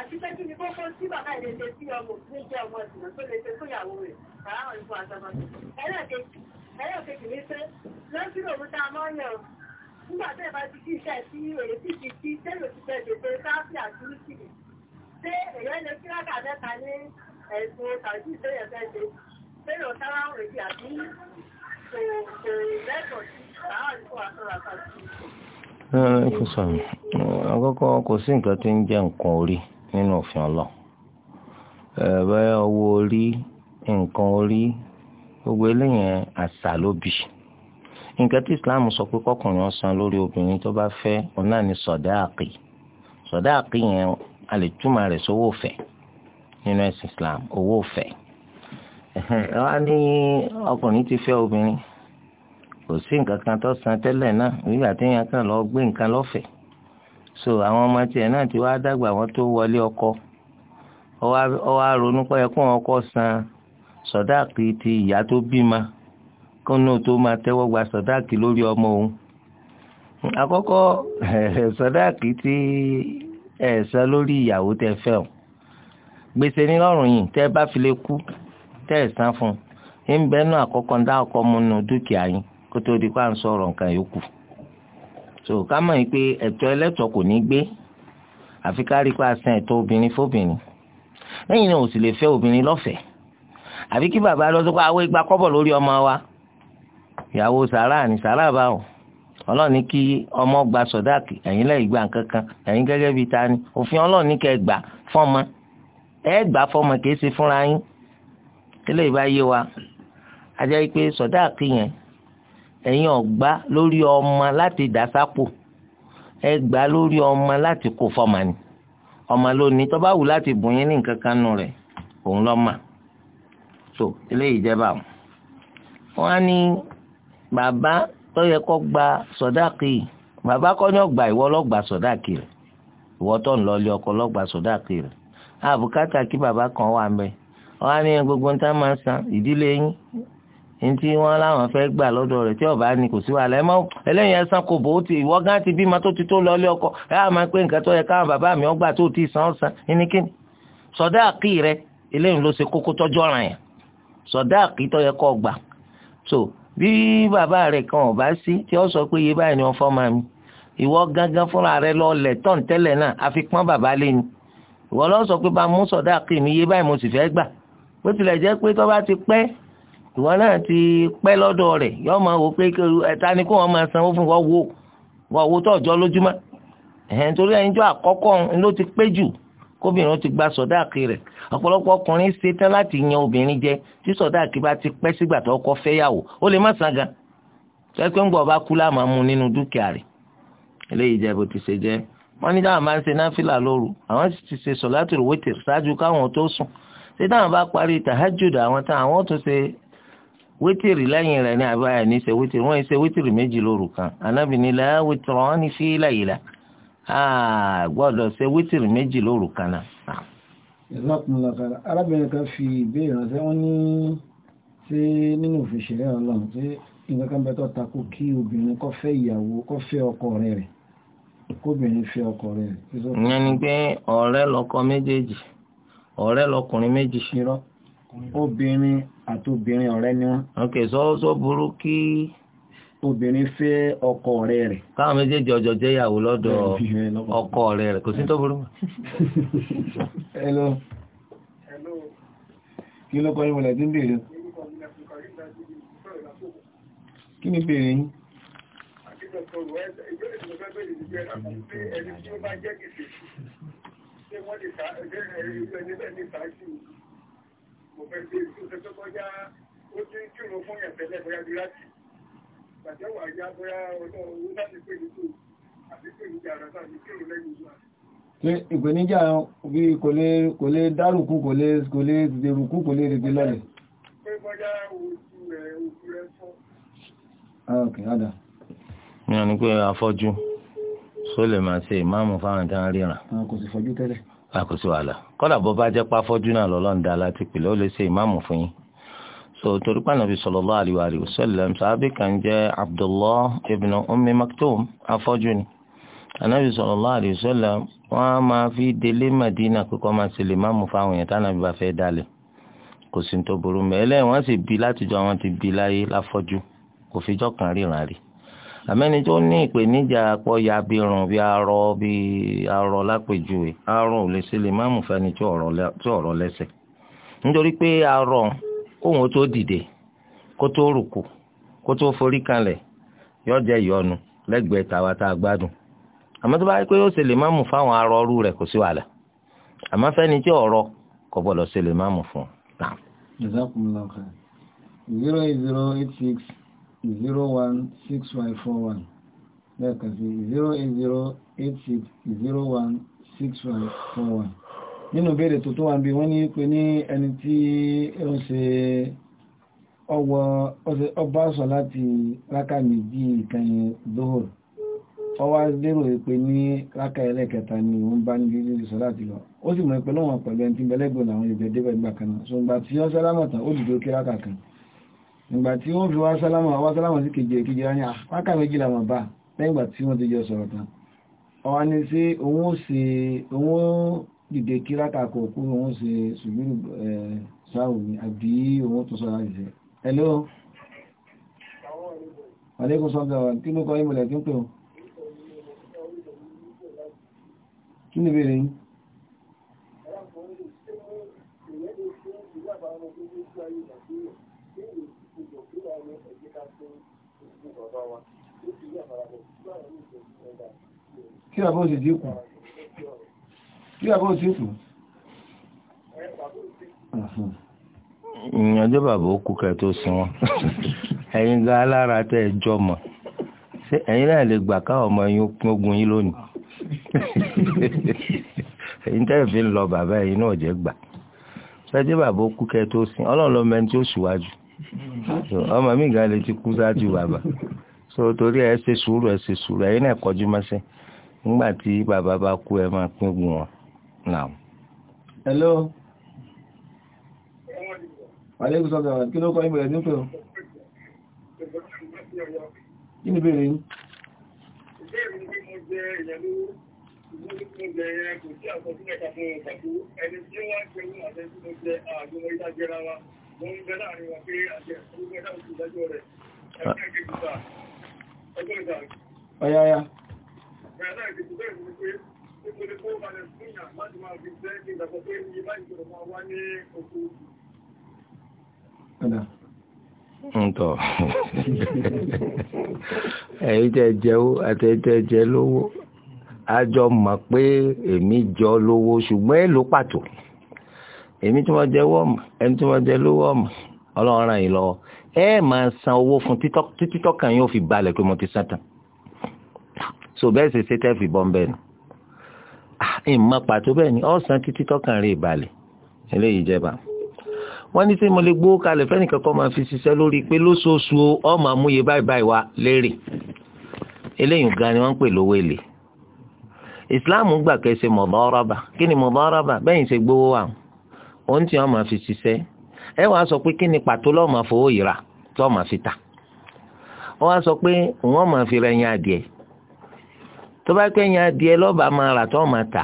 Speaker 3: àti pé kí ni kókó tí bàbá ilé ṣe sí ọmọ ní jẹ́ ọmọ ìsìnà tó lè ṣe tó yàwó rẹ̀ àárọ̀ ìfọ àtàbà ẹlẹ́ẹ̀kejì ní pé lọ́sílò mú tá mọ́ yàn nígbà tẹ́ bá ti kí sí èrè tí ti kí tẹ́lò ti tẹ́ gbèsè káfí àti rúsìlì ṣé èèyàn lè kí rákà mẹ́ta ní ẹ̀sùn tàbí ìṣẹ́yẹ̀ fẹ́ ṣe tẹ́lò táwọn èdè àbí kò kò lẹ́tọ̀ọ́ sí
Speaker 4: àárọ̀ ìfọ àtàbà
Speaker 2: àkọ́kọ́ kò sí nǹkan tí ń jẹ́ nǹkan orí nínú òfin ọlọ ẹ̀rọ owó orí nǹkan orí gbogbo eléyẹn àṣà ló bì nǹkan tí Islam sọ pé kọkùnrin ọ̀sán lórí obìnrin tó bá fẹ́ òun náà ní sọ̀dáàkì sọ̀dáàkì yẹn a lè túmọ̀ rẹ̀ sówó ọ̀fẹ́ nínú ẹ̀sìn Islam owó ọ̀fẹ́ ẹ wá ní ọkùnrin ti fẹ́ obìnrin kò sí nǹkan kan tó san tẹ́lẹ̀ náà nígbà téèyàn kàn lọ gbé nǹkan lọ́fẹ̀ẹ́ so àwọn ọmọ tiẹ̀ náà ti wá dàgbà wọn tó wọlé ọkọ ọwọ́ àrònú pé ẹ̀kọ́ ọkọ san sọ̀dáàkì ti ìyá tó bímọ kó náà tó máa tẹ́wọ́ gba sọ̀dáàkì lórí ọmọ òun àkọ́kọ́ sọ̀dáàkì ti san lórí ìyàwó tẹ́ fẹ́ o gbèsè ní lọ́rùn yìí tẹ́ bá file kú tẹ́ ẹ̀ san fún un ń bẹ́ẹ̀ náà àkọ́kọ́ ń dá ọkọ mu nù dúkìá yín kó tó di pa à ń sọ̀rọ̀ nǹkan yòókù. so ká mọ̀ pé ẹ̀tọ́ ẹlẹ́tọ̀ kò ní gbé àfi ká rí pa san ẹ̀tọ́ obìnrin fóbìnrin lẹ́yìn náà ò sì lè fẹ́ obìnrin lọ́fẹ̀ẹ́ àbí kí bàbá lọ sọ pé àwọn igba kọ́bọ̀ lórí ọmọ wa ìyàwó sàrà ni sàrà báwọn ọlọ́run ní kí ọmọ gba sọ̀dáàkì ẹ̀yin lẹ́yìn gba nǹkan kan ẹ̀yin gẹ́gẹ́ bíi ta ni òfin ọlọ́run ní kẹ́ ẹ gbà fọ́mọ ẹ gbà fọ́mọ kìí ṣe fúnra yín kílẹ̀ ìbá yé wa ajá yìí pé sọ̀dáàkì yẹn ẹ̀yin ọ̀gbá lórí ọmọ láti dàsápò ẹ gbà lórí ọmọ láti kó fọmà ni ọmọ lónìí tó bá wù láti bùn yín ní nǹkan kan nù rẹ̀ òun lọ́ mà so eléyìí jẹba o wọn á ní bàbá tó yẹ kó gba sọdáàkì bàbá kọ́ ní ọgbà ìwọ lọ́gbà sọdáàkì rẹ̀ ìwọ tó ń lọlé ọkọ lọ́gbà sọdáàkì rẹ̀ àbùkátà kí bàbá kan wà mẹ́ wọn á ní gbogbo ń máa san ìdílé yín ntí wọn láwọn fẹ́ gbà lọ́dọ̀ rẹ̀ tí ọba ni kò sí wàhálà ẹ mọ ẹlẹyìn ẹsan kò bó ti ìwọ gán ti bímọ tó ti tó lọlé ọkọ ẹ á máa pé nǹkan tó yẹ káwọn bàbá mi ọgbà tó ti san san ẹnikẹ́ni sọdá àkì rẹ eléyìí ló ṣe kókó tọjọ ọ̀ràn yẹn sọdá àkì tó yẹ kó gbà so bí bàbá rẹ kan ò bá sí tí ó sọ pé iye báyìí ni wọn fọ́ máa mi ìwọ gángan fúnra rẹ lọ lẹ tọ́n tẹ́lẹ̀ náà àfi bàbá lé ni ìwọ lọ sọ pé bá mú sọdá àkì mi iye báyìí mo sì fẹ́ gbà bó tilẹ̀ jẹ́ pé tó bá ti pẹ́ ìwọ náà ti pẹ́ lọ́dọ̀ rẹ̀ yọ máa wò pé ẹ̀ta ni kó wọn máa sanwó fún wọn wo wọn wo tó ọjọ́ lójúmọ́ ẹ̀hẹ́n torí ẹni tó àkọ́kọ́ ló ti pé jù kóbìnrin ti gba sọ̀dáàkì rẹ̀ ọ̀pọ̀lọpọ̀ ọkùnrin ṣetán láti yan obìnrin jẹ tí sọ̀dáàkì bá ti pẹ́ sígbà tó kọ́ fẹ́yàwó ó lè má san gan pẹ́pẹ́ ń gbọ́ ọba kú láàmú amú nínú dúkìá rẹ̀ eléyìí jẹ́ bó ti ṣe jẹ́ wọ́n ní táwọn máa ń ṣe náfìlà lóru àwọn sì ti ṣe sọ̀látùrù wítìrì ṣáájú káwọn tó sùn ṣé táwọn bá parí tàhájùdù wítìrì lẹ́yìn rẹ̀ ní abáyà ní ṣe wítìrì wọ́n ṣe wítìrì méjì lóru kan anábì ní la ni fi layla gbọ́dọ̀ ṣe wítìrì méjì lóru kan náà.
Speaker 1: ìlọ́kùnrin lọ́kàrà arábìnrin kan fi ìbéèrè ránṣẹ́ wọ́n ní ṣé nínú òfin ṣẹlẹ̀ ọlọ́run ṣé nǹkan kan bẹ tó takò kí obìnrin kó fẹ́ ìyàwó kó fẹ́ ọkọ rẹ̀ rẹ̀ kóbìnrin fẹ́ ọkọ rẹ̀ rẹ̀. ìyẹn ni
Speaker 2: pé ọ̀rẹ́ lọkọ méjèèjì ọ̀rẹ́ lọkùnrin méjì. irọ́ obìnrin àti obìnrin ọ̀rẹ́ ni wọ́n. ok sọ sọ burú kí. obìnrin fẹ́ ọkọ ọ̀rẹ́ rẹ̀. káwọn méjèèjì ọjọ́ jẹ́ ìyàwó lọ́dọ̀ ọkọ ọ̀rẹ́ rẹ̀ kò sí tó burú. hello. hello. kí ló kọ́
Speaker 1: yín wọlé tí ń bèèrè. kí ni bèèrè yín.
Speaker 4: Ẹni tí ó bá jẹ́ kìtì, ṣé wọ́n lè ta ẹgbẹ́ ẹgbẹ́ ẹgbẹ́ ní mo fẹ́ ṣe ìṣúnṣe tó kọjá ó ti ń kírun fún yàn tẹ́lẹ̀ bóyá bí láti ìgbàjẹ́ wà yá bóyá ọjọ́ owó láti pè ní tó àti pè ní jàrá sáà ní kírun lẹ́yìn ìlú
Speaker 1: ìpèníjà bí kò lè dárùkú kò lè kò lè dèrùkú kò lè rèdè lọ́lẹ̀. Ah,
Speaker 2: ní ọ̀nà pé afọ́jú só lè máa ṣe ìmáàmù fáwọn tán ríran. Ah, kò sì fọ́jú tẹ́lẹ̀ àkóso àlà kọ́dà bọ́ bá jẹ́ páfọ́jú náà lọ́lọ́run dá láti pèlè ó lè ṣe ìmáàmù fún yín so torí pé Ànábì sallallahu alaihi wa sallam sàábì kan jẹ́ Abdullah ibn Ummi Maktum afọ́jú ni Ànábì sallallahu alaihi wa sallam wọ́n á máa fi délé Madina kíkọ́ máa ṣe lè máàmù fáwọn èèyàn tánàbí bá fẹ́ dálẹ̀ kò sí ní tó burú mẹ́ ẹlẹ́yìn wọ́n sì bí látijọ́ àwọn ti bí láyé láfọ́jú kò fijọ́ kan ríran rí àmẹ́ni tó ní ìpèníjà pọ̀ ya bí irun bí arọ bí arọ lápèjúwe arọ ò lè ṣe lè máàmù fẹ́ni tí ọ̀rọ̀ lẹ́sẹ̀ nítorí pé arọ òun tó dìde kó tó rùkù kó tó forí kanlẹ̀ yóò jẹ́ ìyọnu lẹ́gbẹ̀ẹ́ tàwa tá a gbádùn àmọ́ tó bá yẹ pé ó ṣe lè máàmù fáwọn arọ ọrú rẹ̀ kò sí wàhálà àmọ́ fẹ́ni tí
Speaker 1: fún un. zero one six five four one lẹ́ẹ̀kan sí zero eight zero eight zero one six five four one nínú béèrè tó tó wà bí wọ́n ní pé ní ẹni tí ó ń ṣe ọwọ́ ọba sọ láti rákà méjì ìkẹyìn dóhùr ọwá lérò pé ní rákà ẹlẹ́kẹta ni wọ́n bá ní lílé sọ láti lọ ó sì mọ̀ pé lọ́wọ́n pẹ̀lú ẹni tí bẹ́lẹ́gbọ̀n àwọn ìjẹ́ débẹ̀ gbà kan náà ṣùgbà tí ó sálámọ̀tàn ó dìde ó kí rákà kan ìgbà tí wọ́n fi wá sálámà wá sálámà sí kejì èkejì rá ní àpákà ah, méjì làmà bá lẹ́gbà tí wọ́n ti jọ sọ̀rọ̀ tán ọwá ní sí òun ó ṣe òun ó dìde kí lákàkọ̀ òkú òun ó ṣe ṣùgbọ́n sáwù ní àbí òun tó sọ̀rọ̀ àìsẹ̀ hello alaikum sọ́dọ̀ kí ló kọ́ ìmọ̀lẹ̀ tí ń pè ọ́ kí ni ìbéèrè
Speaker 4: Thank you kí bàbá ò sì tí kù
Speaker 1: kí bàbá ò sì kù.
Speaker 2: ìyànjẹ́ bàbá ó kú kẹ́ tó sin wọn ẹ̀yin gan alára tẹ́ ẹ jọ mọ̀ ṣé ẹ̀yin náà lè gbà káwọn ọmọ yín pín ogun yín lónìí ẹ̀yin tẹ́ fi ń lọ bàbá ẹ̀yin náà jẹ́ gbà ṣé ẹjẹ́ bàbá ó kú kẹ́ tó sin ọlọ́run lọ́mọ ẹni tí ṣùwájú ọmọ mi gan lè ti kú ṣáájú bàbá so torí ẹ ṣe sùúrù ẹ ṣe sùúrù ẹ̀yin náà kọjú mọ́sẹ́ nígbà tí bàbá bá kú ẹ máa pín gùn wọn náà.
Speaker 1: hello. aleykum salaam kí ló kọ́ ìbẹ̀rẹ̀ nípò. kí ni ìbéèrè yín.
Speaker 4: ìbéèrè mi mo jẹ ìyẹ̀lú ìbúrúkú jẹ kò sí àkọsílẹ̀ kan fún ọ̀pọ̀ ẹni tí wọ́n ń ṣe ní àtẹ́sí mo ìdájẹ́ra wa. Ọ̀yáyá.
Speaker 2: Ǹtọ̀. Ẹ̀yin tẹ́ jẹ́wó àtẹ́tẹ́ jẹ́ lówó. A jọ mọ̀ pé èmi jọ lówó ṣùgbọ́n èlò pàtó èmi tí wọ́n jẹ wọ́ọ̀mù ẹni tí wọ́n jẹ ló wọ́ọ̀mù ọlọ́run ràn yín lọ́wọ́ ẹ máa san owó fún títọ́ kan yóò fi balẹ̀ pé mo ti san tán so bẹ́ẹ̀ ṣe ṣe tẹ́ fi bọ́m bẹ́ẹ̀ nù ah, ìmọ̀ pàtó bẹ́ẹ̀ ni ọ̀sán títí tọ́kàn rè balẹ̀ eléyìí jẹba wọ́n ní tí mo lè gbó kalẹ̀ fẹ́nìkan kọ́ máa fi ṣiṣẹ́ lórí pé lóṣooṣù ọ máa báyìí báyìí wá lérè eléyìí gan ni wọ́n ń pè lówó èlé ìsìláàmù gbà kẹ́ ṣe mọ̀dọ́rọ́bà kí ni mọ̀dọ́rọ́bà bẹ́yìn ṣe gbówó àwọn òun tí wọ́n máa fi sise ẹ wàá sọ pé kí ni pàtó lọ́ọ́ máa fowó yìí rà fi sọ pé wọ́n máa fi rẹ̀ yan adìẹ tó bá pẹ́ yan adìẹ lọ́ba máa rà tí wọ́n máa tà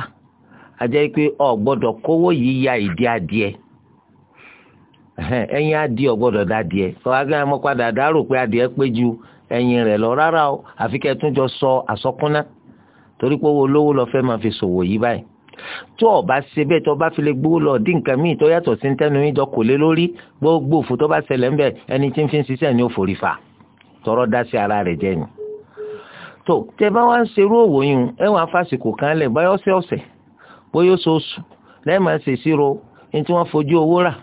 Speaker 2: àjẹ́ pé ọ̀ gbọ́dọ̀ kówó yìí ya ìdí adìẹ ẹyin adìẹ da adìẹ kọwá gán mọ padà dárò pé adìẹ pé ju ẹyin lọ rárá o àfi tún jọ sọ àsọkúnná torí pé owó olówó lọ fẹ́ máa fi tó o bá ṣe bẹ́ẹ̀ tó o bá fi lè gbowó lọ dín nǹkan míì tó yàtọ̀ sí tẹnu yín jọ kò lé lórí gbogbo òfò tó bá ṣẹlẹ̀ ń bẹ̀ ẹni tí ń fi ń ṣiṣẹ́ ni ó forí fa tọrọ dá sí ara rẹ̀ jẹ́ ni. tó tẹ bá wá ń ṣerú òwò yìí ẹ wàá fásikò kan lẹ̀ báyọ̀ ọ̀sẹ̀ ọ̀sẹ̀ bóyá oṣooṣù lẹ́ẹ̀ma ṣe ìṣirò ní tí wọ́n fojú owó rà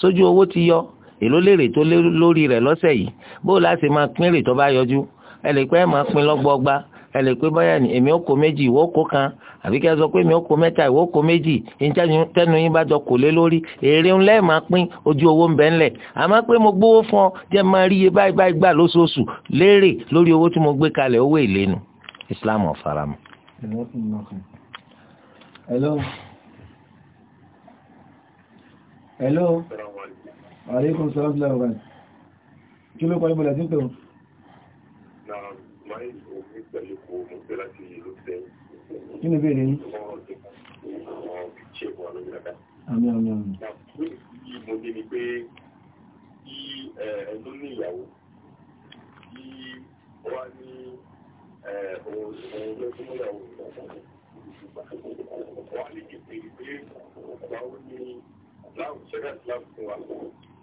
Speaker 2: sójú owó ti yọ èló lèrè tó lórí rẹ̀ lọ́sẹ̀ yìí bó láti máa pín èrè tó bá yọjú ẹ lè pẹ́ máa pín lọ́gbọ́gba ẹ lè pé báyà ni èmi ó kó méjì ìwọ ó kó kan àbí kí ẹ sọ pé èmi ó kó mẹ́ta ìwọ ó kó méjì ìtẹnu yín bá jọ kò lé lórí èrè ńlẹ́ máa pín ojú owó ń bẹ ńlẹ̀ àmọ́ pé mo gbówó fún ọ jẹ́ máa rí iye báyìí báyìí gbà lóṣooṣù lérè lórí owó tí mo gbé kalẹ̀ owó ìlénu Islam ọ̀faramọ́.
Speaker 1: hello. hello. aleykum salaam wa rahmatulah. kí ló kọ́ ibùdó àti ń pè
Speaker 4: gbẹ̀lẹ́kọ̀ bèèrè yín. àmì àmì àmì. mo dé ni pé kí ẹ̀ẹ́dún ní ìyàwó kí wá ní òun ló súnmọ́ ìyàwó wà lè dìbò pé báwo ni láwùjọ ṣẹ́gà láwùjọ wà.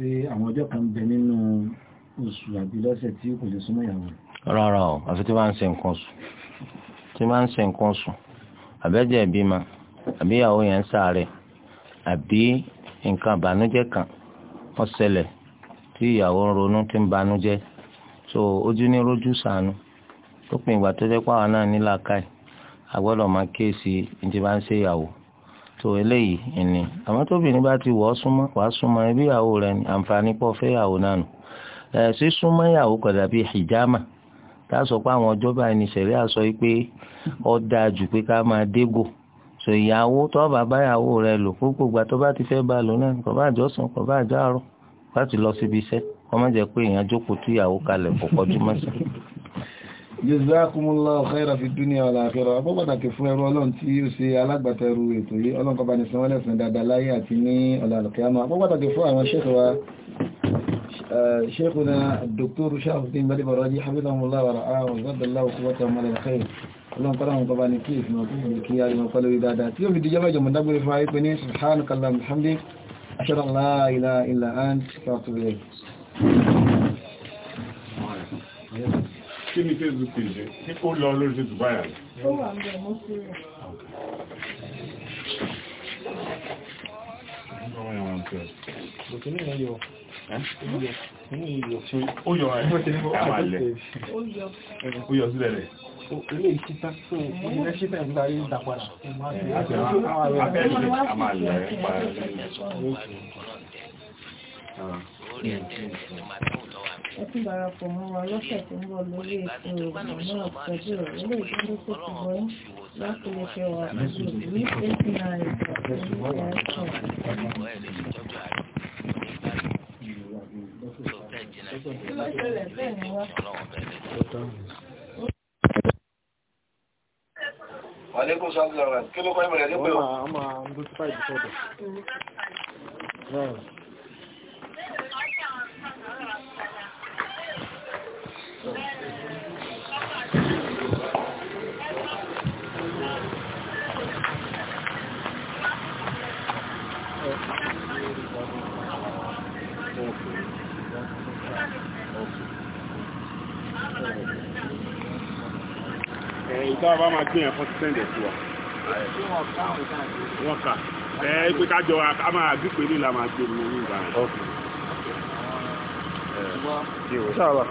Speaker 1: tí àwọn ọjọ́ kan bẹ nínú oṣù àbí lọ́sẹ̀ tí kò lè súnmọ́ ìyàwó.
Speaker 2: rárá o àfi tí wọ́n ń ṣe nǹkan sùn tí wọ́n ń ṣe nǹkan sùn àbẹ́jẹ̀ ìbímọ àbí ìyàwó yẹn ń àbí nǹkan ìbànújẹ́ kan wọ́n ṣẹlẹ̀ tí ìyàwó ń ronú tí so ojú ní rojú sànú lópin ìgbà tó jẹ́ náà ní làákàyè máa ní tó eléyìí ni àmọ́ tóbìnrin bá ti wọ́ súnmọ́ wàá súnmọ́ ẹbí ìyàwó rẹ ni àǹfààní pọ̀ fẹ́ ìyàwó náà nù ẹ̀ súnmọ́ ìyàwó kọ̀dà bíi hijama tá a sọ pé àwọn ọjọ́ báyìí ni sẹ̀rí àsọ yìí pé ó dáa jù pé ká máa dégò sọ ìyàwó tó bá bá ìyàwó rẹ lò gbogbo ìgbà tó bá ti fẹ́ bá lò náà kò bá àjọsìn kò bá àjọ àárọ̀ láti lọ síbi iṣẹ́ kó má jẹ́ pé èèyàn jókòó tú ìyàwó kalẹ̀
Speaker 1: jazakumullahu khairan fi dunya wal akhirah ọpọ́ pàtàkì fún ẹrú ọlọ́run tí ó ṣe alágbàtẹrù ètò yìí ọlọ́run kó bá ní san wọ́n lẹ́san dáadáa láyé àti ní ọ̀la al-qiyamah ọpọ́ pàtàkì fún àwọn sheikh wa eh, sheikhuna dr Shahabuddin Baribaroji hafidhahullah wa ra'ah wa zaddallahu quwwatahu min al-khair ọlọ́run kọ́lá wọn bá ní kí ìfìmọ̀ tó fi kí ayé wọn pẹ̀lú dáadáa tí ó fi díjọ́ mẹ́jọ mọ̀dágbére fún ayépẹ́ ní subhanakallahumma wa bihamdik ashhadu an la ilaha illa anta astaghfiruka kí ni facebook page ní ó lọ lórí facebook báyà rẹ̀
Speaker 4: ó wà ń bẹ̀ mọ́ sí rẹ̀ ó yọ sílẹ̀ rẹ̀ ilé ìtìta tó ilé ṣíta ìgbà yìí dàpadà àbẹ́ẹ̀lẹ́ àmàlẹ̀ pàdé ẹ darapọ̀ mọ́
Speaker 3: wa lọ́sẹ̀ tó ń bọ̀ lórí ètò ìròyìn náà ilé ìdúró tó ti bọ́ láti lè fẹ́ wa ní eighty nine
Speaker 4: pẹ̀lú ẹ̀ẹ́sọ̀.
Speaker 1: Kí ló ṣẹlẹ̀ bẹ́ẹ̀ ni wá? Aleykum salam. Kí ló kọ́ ẹ̀mẹ̀rẹ̀ ní pé o? Ọmọ àwọn ọmọ àwọn ọmọ tó fà
Speaker 4: ìdíkọ̀dọ̀. ìtọ́ àbá máa gbìyànjú fún sísẹ́ǹdẹ̀ sí wa. wọ́n kà ẹ ẹ pé kájọ a máa gbípé nílà máa gbé mi ní ìgbà rẹ̀.